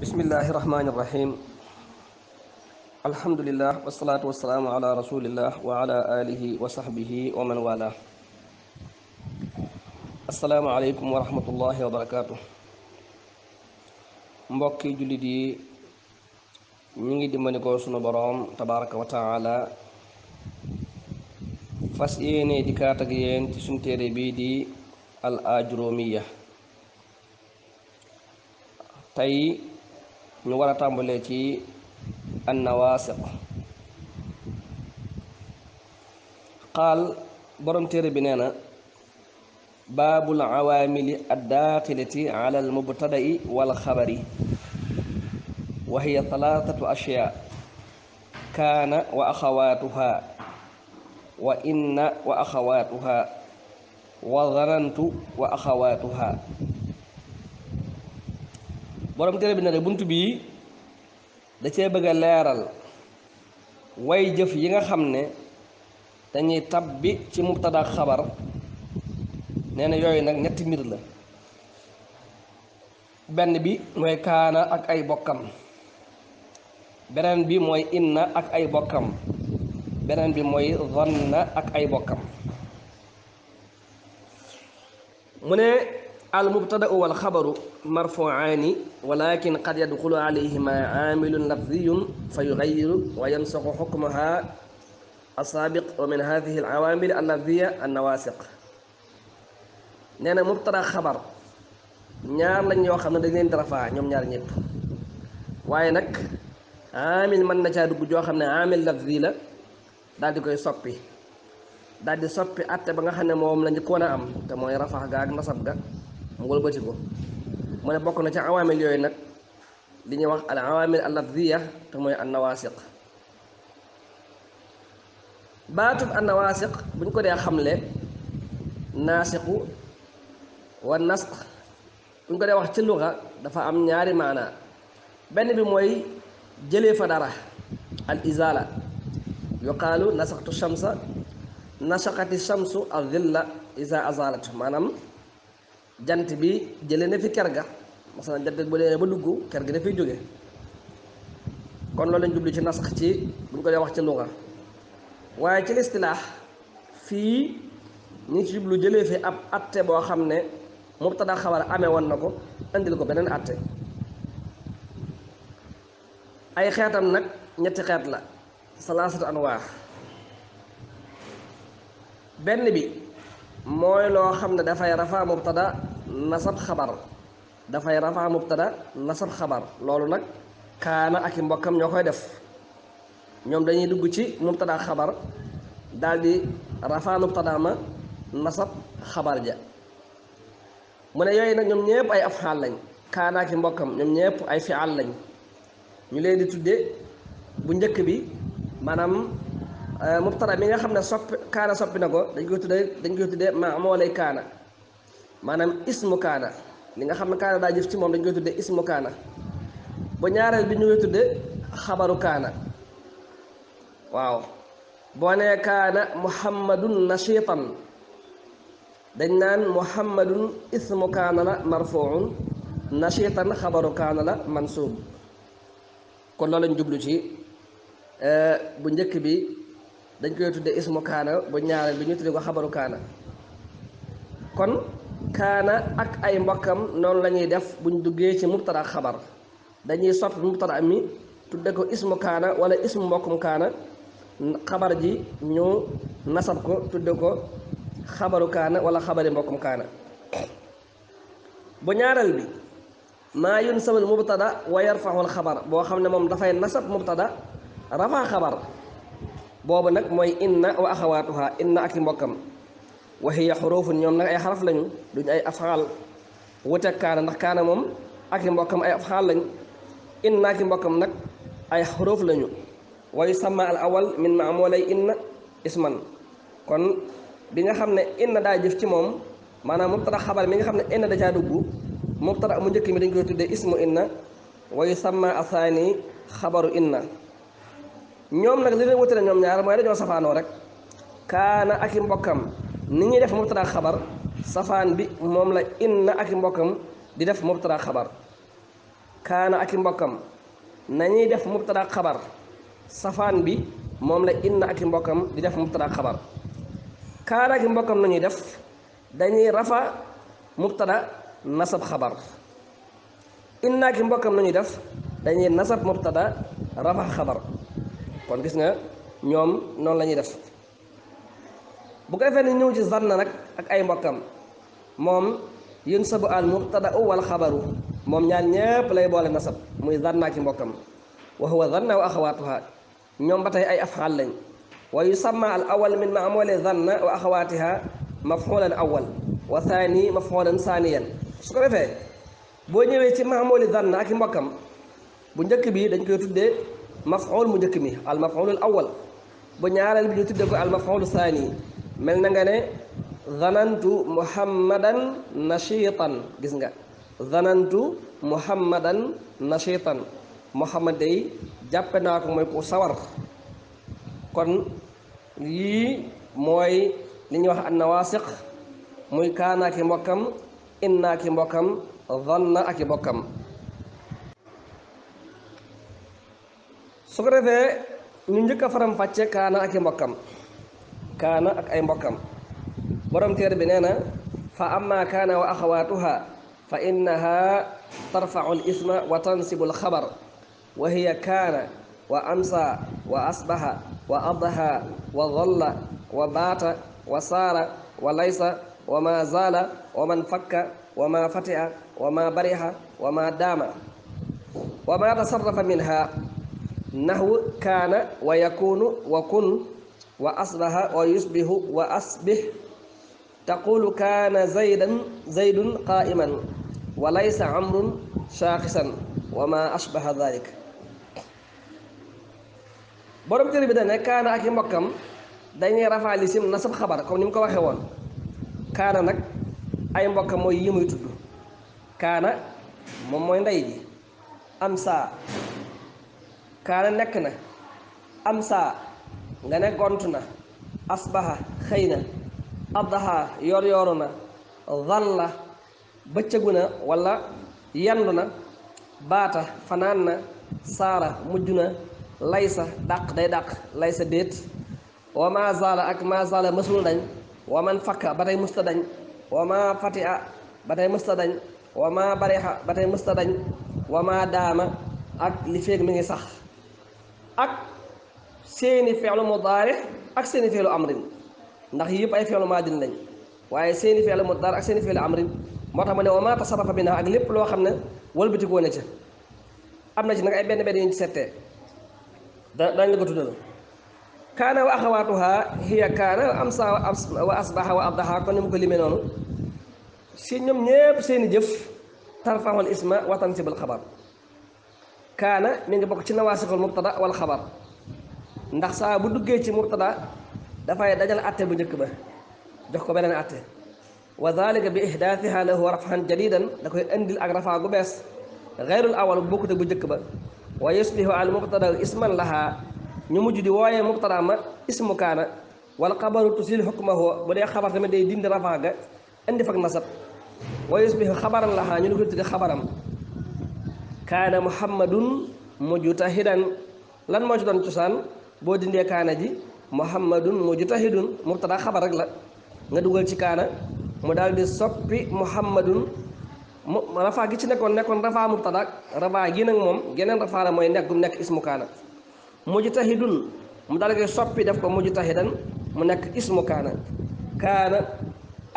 بسم الله الرحمن الرحيم الحمد لله والصلاة والسلام على رسول الله وعلى آله وصحبه ومن والاه السلام عليكم ورحمة الله وبركاته مبكي جلدي نيجي دمانيكو سنو بروم تبارك وتعالى فاسيني ديكاتاكيين تسنتيري بيدي الاجروميه تاي ñu wara tambalé ci an-nawasiq qal borom téré bi néna babul awamil ad-dakhilati ala al-mubtada'i wal khabari wa hiya thalathatu ashyaa kana wa akhawatuha wa inna wa akhawatuha wa zanantu wa akhawatuha borom téere bi na ne bunt bii da cee bëgg a leeral way jëf yi nga xam ne dañuy tab bi ci mubtada xabar nee na yooyu nag ñetti mbir la benn bi mooy kaana ak ay bokkam beneen bi mooy inna ak ay bokkam beneen bi mooy zanna ak ay bokkam almubtada wal xabaru marfuaani walakin qad yadxulu alayhima amilun lafziyun fa yugayiru wa yansaxu xukmaha asaabiq wa min hadihi alawaamil allafziya annawaasiq nee na mubtada xabar ñaar lañ yoo xam ne dañ leen di ñoom ñaar waaye nag amil mën na caa joo xam ne amil lafzi la daal koy soppi daal di soppi atte ba nga xam ne moom la njëkkoon a am te mooy rafaa ga ak nasab ga mu wëlbati ko mu ne bokk na ci awaamil yooyu nag li ñuy wax al awaamil al lafziya te mooy an nawaasiq baatub an nawaasiq bu ñu ko dee xamle naasiqu wa nasq bu ñu ko dee wax ci luxa dafa am ñaari maanaa benn bi mooy jëlee fa dara al izaala yuqaalu nasaqtu shamsa nasaqati shamsu al dhilla iza azaalat maanaam jant bi jele na fi ker ga masalan jant bu leeree ba dugg ker na fi joge kon lo lañ jublu ci nasx ci bu ko wax ci lugha waye ci istilah fi ni ci jublu jele fi ab atte bo xamne ne mubtada khabar amé won nako ko ko benen atte ay xetam nak ñetti xet la salasat anwa ben bi moy lo xamne da fay rafa mubtada nasab xabar dafay rafa mubtada nasab xabar loolu nag kaana ak i mbokkam ñoo koy def ñoom dañuy dugg ci mubtada xabar daldi di rafa ma nasab xabar ja mu ne yooyu nag ñoom ñëpp ay afxaal lañ kaana ak i mbokkam ñoom ñëpp ay fial lañ ñu leen di tudde bu njëkk bi maanaam eh, mubtada mi nga xam ne sopp kaana soppi na ko dañ koy tuddee dañ koy tuddee maa moo lay kaana maanaam ismu kaana li nga xam ne kaana daa jëf ci moom dañ koy tuddee ismu kaana bu ñaareel bi ñu koy tuddee xabaru kaana waaw boo nee kaana muhammadun nashitan dañ naan muhammadun ismu kaana la marfuun nashitan xabaru kaana la mansuub kon loolu lañ jublu ci euh, bu njëkk bi dañ koy tuddee ismu kaana bu ñaareel bi ñu tudde ko xabaru kaana kon kaana ak ay mbokkam noonu la ñuy def ñu duggee ci mubtada xabar dañuy soppi mubtada mi tudde ko ismu kaana wala ismu mbokkum kaana xabar ji ñu nasab ko tudde ko xabaru kaana wala xabari mbokkum kaana bu ñaareel bi maa yunsabul mubtada wa yarfaxul xabar boo xam ne moom dafay nasab mubtada rafaa xabar boobu nag mooy inna wa axawaatuha inna ak mbokkam waxiya xurufun ñoom nag ay xaraf lañu duñ ay afxaal wuteeg kaana ndax kaana moom ak i mbokkam ay xaal lañ inna ak i mbokkam nag ay xuruf lañu wa yusamma al awal min maamulay inna isman kon bi nga xam ne inna daa jëf ci moom maanaam mubtada xabar mi nga xam ne inna da caa dugg mubtada mu njëkk mi dañ koy tuddee ismu inna wa yusamma asaani xabaru inna ñoom nag li leen la ñoom ñaar mooy dañoo safaanoo rek kaana ak i mbokkam ni ñuy def mubtada xabar safaan bi moom la inna ak i mbokkam di def mubtada xabar kaana ak i mbokkam na ñuy bi moom la inna ak i di def mubtada xabar kaana ak i mbokkam nañuy def dañuy rafa mubtada nasab xabar inna ak i mbokkam nañuy def dañuy nasab mubtada rafa xabar kon gis nga ñoom noonu la ñuy def bu ko defee ne ñëw ci zanna nag ak ay mbokkam moom yunsabu al mubtada u wal xabaru moom ñaar ñépp lay boole nasab muy zanna ci mbokkam wa huwa zanna wa axawaatuha ñoom ba ay afxaal lañ wa yusamma al awal min maamoole zanna wa axawaatiha mafxulan awal wa thani mafxulan saaniyan su ko defee boo ñëwee ci maamooli zanna ak i bu njëkk bi dañ koy tuddee mafxul mu njëkk mi al mafxulul awal bu ñaareel bi ñu tuddee ko al mafxulu saani mel na nga ne zanantu muhammadan nashitan gis nga zanantu muhammadan nashitan muhammad day jàppe naa ko mooy ku sawar kon yii mooy li ñuy wax an nawaasiq muy kaana ak mbokkam inna ak mbokkam zanna ak mbokkam su ko defee njëkk a faram fàcce kaana ak mbokkam كان أك أي مكان برم تير بنانا فأما كان وأخواتها فإنها ترفع الإثم وتنسب الخبر وهي كان وأمسى وأصبح وأضحى وظل وبات وصار وليس وما زال ومن فك وما فتح وما برح وما دام وما تصرف منها نحو كان ويكون وكن waa asbaha wa yusbihu wa asbih taqulu kaana zaydan zaydun qaa'iman wa laysa amrun shaaqisan wa ma ashbaha dalik borom téere bi dane kaana ak i mbokkam dañuy rafaali sim nasab xabar comme ni mu ko waxe woon kaana nag ay mbokkam mooy yi muy tudd kaana moom mooy ndey ji am saa kaana nekk na am saa nga ne gont na asbaha xëy na addaha yor yooru na dhalla bëccëgu na walla yendu na baata fanaan na saara mujj na laysa dàq day dàq laysa déet wa ma zaala ak ma mësul dañ wa man fakka ba tey mësta dañ wa ma fati ba tey mësta dañ wa ma daama ak li féeg mi ngi sax seeni feelu mudaari ak seeni feelu amrin ndax yëpp ay feelu maadin lañ waaye seeni feelu mudaari ak seeni feelu amrin moo tax ma ne wa maa tasarrafa minhaa ak lépp loo xam ne wëlbatikoo na ca am na ci nag ay benn benn yuñ ci settee da dañ la ko tuddal kaana wa axawaatuha hiya kaana wa amsa wa asbaha wa abdaha kon ni mu ko limee noonu si ñoom ñépp seeni jëf tarfaxul isma wa tansibul xabar kaana mi ngi bokk ci nawaasixul mubtada ndax saa bu duggee ci mubtada dafay dajal atte bu njëkk ba jox ko beneen atte wa dalika bi ihdaathiha lahu rafhan jadidan da koy indil ak rafaa gu bees xeyrul awal bu bokkute bu njëkk ba wa yuslihu al mubtada isman lahaa ñu mujj di wooyee mubtada ma ismu kaana wal xabaru tusil xukmahu bu dee xabar tamit day dindi rafaa ga indi fak nasab wa yusbihu xabaran lahaa ñu ne ko tudde xabaram kaana muhammadun mujtahidan lan moo ci doon cosaan boo dindee kaana ji muhammadun mujtahidun mubtada xabar rek la nga dugal ci kaana mu daal di soppi muhammadun mu rafaa gi ci nekkoon nekkoon rafaa mubtada rafaa gi nag moom geneen rafaa la mooy nekk gum nekk ismu kaana mujtahidun mu daal koy soppi def ko mujtahidan mu nekk ismu kaana kaana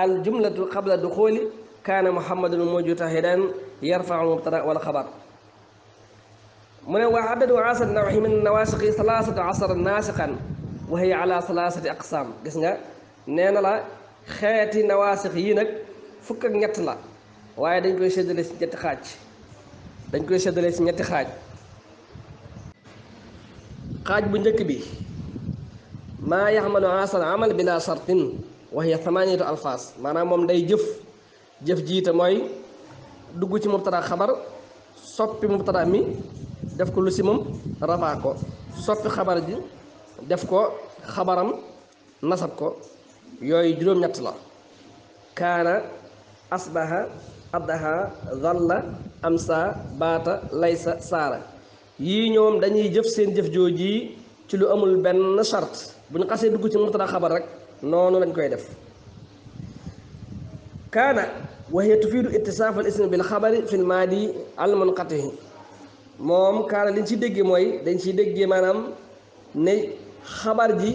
al jumlatu qabla duxuli kaana muhammadun mujtahidan yarfau mubtada wal xabar mu ne waa adadu asar nawxi min nawasiqi salaasatu asara naasiqan wa hiya ala salaasati aqsaam gis nga nee na la xeeti nawaasix yii nag fukk ak ñett la waaye dañ koy séddale si ñetti xaaj dañ koy séddale si ñetti xaaj xaaj bu njëkk bi maa yaxmalu asal amal bila sartin wa hiya alfaas maanaam moom day jëf jëf jiite mooy dugg ci mubtada xabar soppi mubtada mi def ko lu si mom rafa ko soppi xabar ji def ko xabaram nasab ko yoy juróom-ñett la kana asbaha addaha dhalla amsa bata laysa sara yi ñoom dañuy jëf seen jëf joji ci lu amul ben charte buñu xasse xasee dugg ci mubtada xabar rek nonu lañ koy def kana وهي تفيد اتصاف الاسم بالخبر في bil المنقطع moom kaana liñ ci déggee mooy dañ ciy déggee maanaam ne xabar ji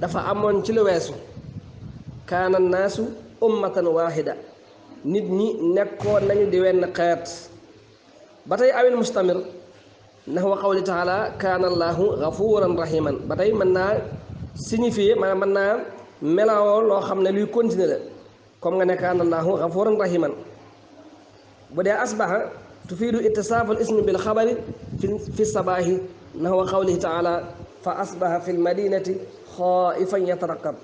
dafa amoon ci lu weesu kaana naasu ummatan waahida nit ñi nekkoon nañu di wenn xeet ba tey awil mustamir naxwa qawli taala kaana allaahu gafuuran rahiman ba tey mën naa signifier maanaam mën naa melawoo loo xam ne luy continuer la comme nga ne kaana allaahu gafuuran rahiman bu dee asbaxa تفيد اتصاف الاسم بالخبر في الصباح نحو قوله تعالى فاصبح في المدينه خائفا يترقب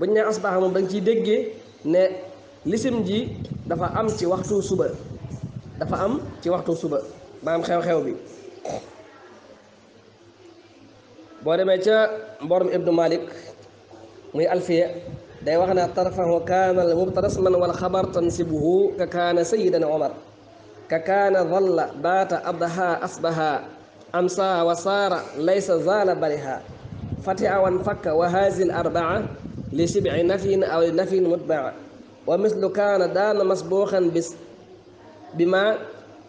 بني اصبح مو بنجي دغي ني لسم جي دا ام سي وقتو صبا دا فا ام سي وقتو صبا مام خيو خيو بي بورمي تا بورم ابن مالك مي الفيه داي واخنا طرفه كان المبتدا اسما والخبر تنسبه ككان سيدنا عمر ككان ظل بات أضحى أصبها أمسى وصار ليس زال برها فتع وانفك وهذه الأربعة لسبع نفي أو نفي متبع ومثل كان دان مسبوخا بس بما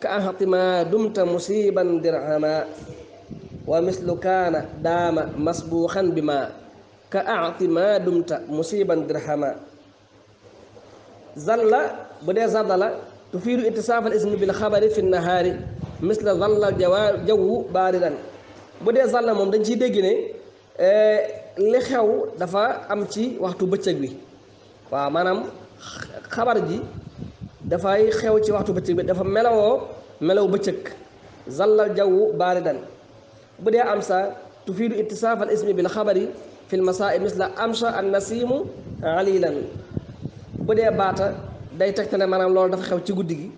كأهط ما دمت مصيبا درهما ومثل كان دام مسبوخا بما كأعط ما دمت مصيبا درهما زل بدي زدل تفيد اتصاف الاسم بالخبر في النهار مثل ظل الجو باردا bu dee zàll moom dañ ciy dégg ne li xew dafa am ci waxtu bëccëg bi waaw maanaam xabar ji dafay xew ci waxtu bëccëg bi dafa melawoo melaw bëccëg zallal jawwu baaridan bu dee amsa tufiidu ittisaaf al ismi bil xabari fi l masaa'i misla amsa an nasiimu alilan bu dee baata day tegtale maanaam loolu dafa xew ci guddi gi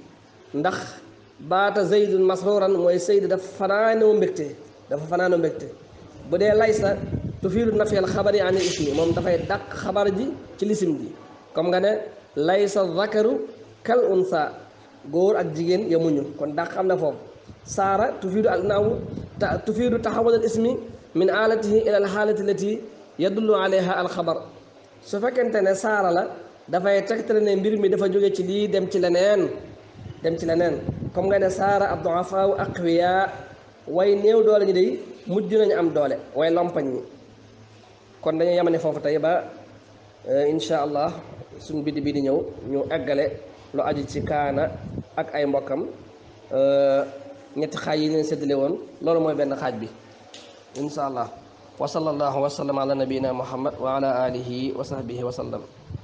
ndax baata zaydun masruran mooy sayd dafa fanaanoo mbégte dafa fanaanoo mbégte bu dee laysa tufiidu nafiyal xabar yi ani ismi moom dafay dàq xabar ji ci lisim ji comme nga ne laysa zakaru kal unsa góor ak jigéen ñu kon dàq am na foofu saara tufiidu al naaw ta tufiidu taxawal al ismi min alatihi ila al lati yadullu alayha al xabar su fekkente ne saara la dafay tegtale ne mbir mi dafa jóge ci lii dem ci leneen dem ci leneen comme nga ne saara ab du'afaa wa aqwiya way néew doole ñi day mujj nañu am doole way lompañ ñi kon dañuy yemane foofu tey ba euh, insha allah suñ biddi bi di ñëw ñu eggale lu aju ci kaana ak ay mbokkam euh, ñetti xaaj yi leen séddale woon loolu mooy benn xaaj bi insha allah wa sallallahu wa sallam ala nabiyina muhammad wa ala wa sahbihi wa sallam